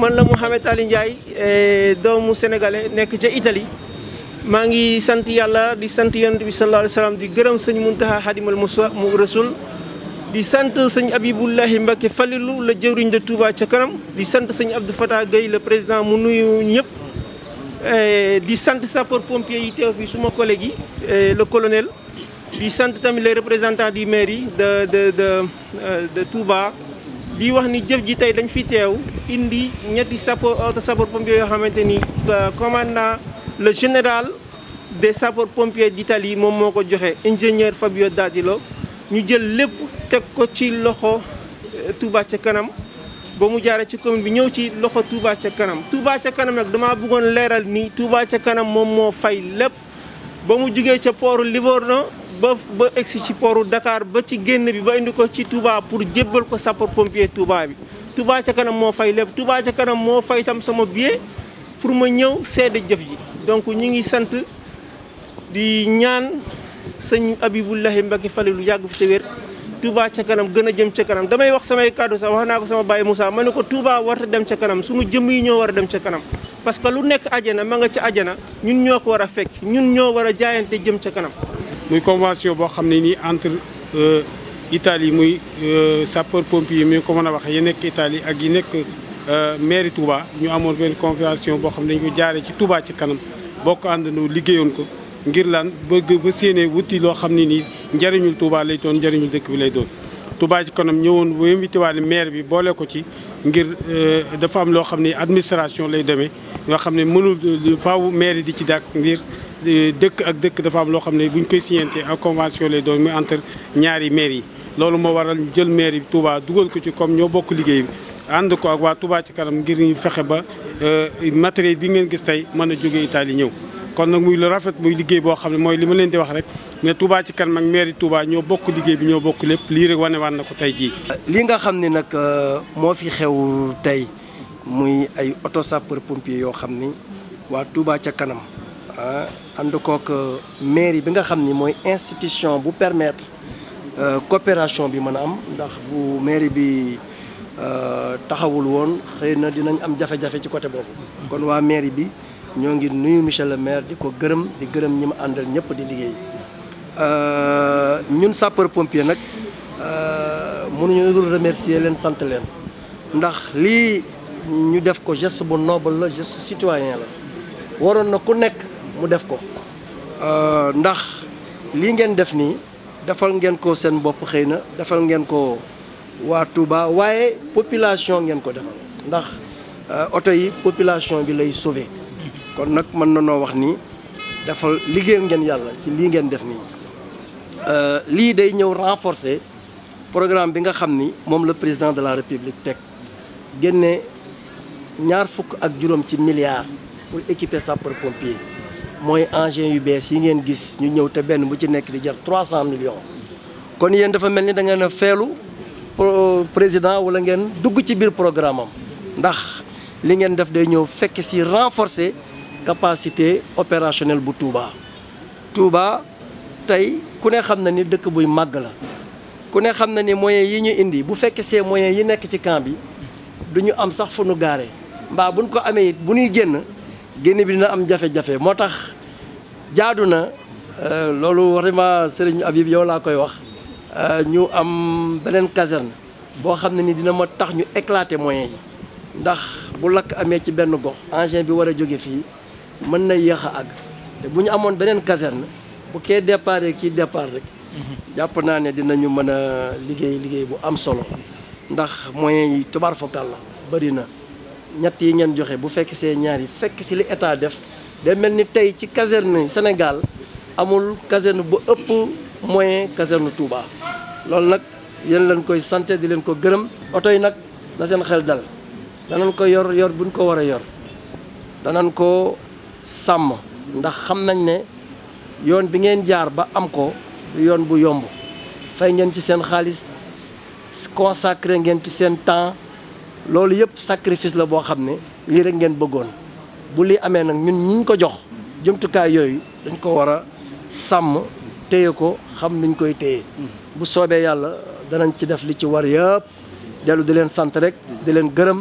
man la Mouhamed Ali Ndiaye eh, doomu sénégalais nekk ca Italie maa ngi sant yàlla di sant yonent bi sallallahu alayhi wa sallam di gërëm sëñ a Xadimal Musa mu rasul di sant sëñ Abibullahi Mbacké Falilou la jëwriñ de Touba ca kanam di sant sëñ Abdou Fatah Gueye le président mu nuyu ñëpp eh, di sant sapeur pompier yi teew fi suma collègue yi eh, le colonel di sant tamit les représentants du maire yi de de euh, di wax ni jëf ji tey dañ fi teew indi ñetti sapeur euh, auto sapeur pompier yoo xamante nii euh, commandant le général des sapeurs pompiers d'Italie moom moo ko joxe ingénieur Fabio Dadilo ñu jël lépp teg ko ci loxo euh, Touba ca kanam ba mu jaaree ci commune bi ñëw ci loxo Touba ca kanam Touba ca kanam nag damaa bëggoon leeral ni Touba ca kanam moom moo fay lépp ba mu jugee ca pooru Livorno ba ba egsi ci pooru Dakar ba ci génn bi ba indi ko ci Touba pour jébbal ko sapeur pompier Touba bi Touba ca kanam moo fay lépp Touba ca kanam moo fay tam sama billet pour ma ñëw seede jëf ji donc ñu ngi sant di ñaan sëñ Abibullahi Mbacke Fallou lu yàgg fi te wér Touba ca kanam gën a jëm ca kanam damay wax samay kàddu sax wax naa ko sama baay Moussa ma ne ko Touba warta dem ca kanam suñu jëm yi ñoo war a dem ca kanam parce que lu nekk ajana ma nga ci ajana ñun ñoo ko war a fekk ñun ñoo war a jaayante jëm ca kanam muy convention boo xam ne nii entre euh, Italie muy euh, sapeur pompier mi ko mën a wax yi nekk Italie ak yi nekk euh, mairie Touba ñu amoon benn convention boo xam ne dañu ko jaare ci Touba ci kanam boo ko àndandoo liggéeyoon ko ngir lan bëgg ba séenee wuti loo xam ne nii njëriñul Touba lay doon njëriñul dëkk bi lay doon. Touba ci kanam ñëwoon ba invité waale maire bi boole ko ci ngir dafa am loo xam ne administration lay demee yoo xam ne mënul faaw maire di ci dàkk ngir. Euh, dëkk ak dëkk dafa am loo xam ne bu ñu koy signante ak convention lay doon muy entre ñaari maire yi loolu moo waral jël maire bi Touba dugal ko ci comme ñoo bokk liggéey bi ànd ko ak waa Touba ci kanam ngir ñu fexe ba euh, matériel bi ngeen gis tey mën a jóge Italie ñëw kon nag muy lu rafet muy liggéey boo xam ne mooy li ma leen di wax rek ne Touba ci kanam ak maire Touba ñoo bokk liggéey bi ñoo bokk lépp lii rek wane waan na ko tey jii. li nga xam ne nag euh, moo fi xew tey muy ay auto sapeur pompier yoo xam ni waa Touba ca kanam. ànd euh, kook mairie bi nga xam ni mooy institution bu permettre euh, coopération bi man a am ndax bu mairie bi euh, taxawul woon xëy na dinañ am jafe-jafe ci côté boobu. kon waa mairie bi ñoo ngir nuyu monsieur le maire di ko gërëm di gërëm ñi ma àndal ñëpp di liggéey ñun sapeur pompier nag mënuñu dul remercier leen sant leen ndax lii ñu def ko gest bu noble la geste citoyen la waroon na ku nekk. mu def ko euh, ndax lii ngeen def nii defal ngeen ko seen bopp xëy na defal ngeen ko waa Touba waaye population ngeen ko defal ndax euh, oto yi population bi lay sauver kon nag mën na noo wax ni defal liggéeyal ngeen yàlla ci lii ngeen def nii euh, lii day ñëw renforcer programme bi nga xam ni moom la président de la république teg génne ñaar fukk ak juróom ci milliards pour équiper sapeur pompier mooy engins yu bees yi ngeen gis ñu ñëw te benn bu ci nekk di jar trois cent millions kon yéen dafa mel ni da ngeen a feelu président wala ngeen dugg ci biir programme am ndax li ngeen def day ñëw fekk si renforcer capacité opérationnelle bu Touba. Touba tey ku ne xam na ni dëkk buy màgg la ku ne xam na ni moyens yi ñu indi bu fekk see moyens yi nekk ci camp bi du ñu am sax fu nu gaare mbaa buñ ko amee it bu ñuy génn. génne bi dina am jafe-jafe moo tax jaadu na euh, loolu vraiment Serigne Habib yow laa koy wax euh, ñu am beneen caserne boo xam ne ni dina ma tax ñu éclater moyen yi ndax bu lakk amee ci benn gox engin bi war a jóge fii mën na yéex a àgg te bu ñu amoon beneen caserne bu kee départ kii départ rek mhm. jàpp naa ne dinañu mën a liggéey liggéey bu am solo ndax moyen yi tubaar fakal la bëri na ñett yi ngeen joxe bu fekk see ñaar yi fekk si li état def day mel ni tey ci caserne Sénégal amul caserne bu ëpp moyen caserne Touba loolu nag yéen leen koy sant di leen ko gërëm oto yi nag na seen xel dal danañ ko yor yor buñ ko war a yor danañ ko sàmm ndax xam nañ ne yoon bi ngeen jaar ba am ko yoon bu yomb fay ngeen ci seen xaalis consacré ngeen ci seen temps loolu yëpp sacrifice la boo xam ne lii rek ngeen bëggoon bu lii amee nag ñun ñi ñu ko jox jumtukaay yooyu dañ ko war a sàmm téye ko xam nuñ koy téye bu soobee yàlla danañ ci def li ci war yëpp dellu di leen sant rek di leen gërëm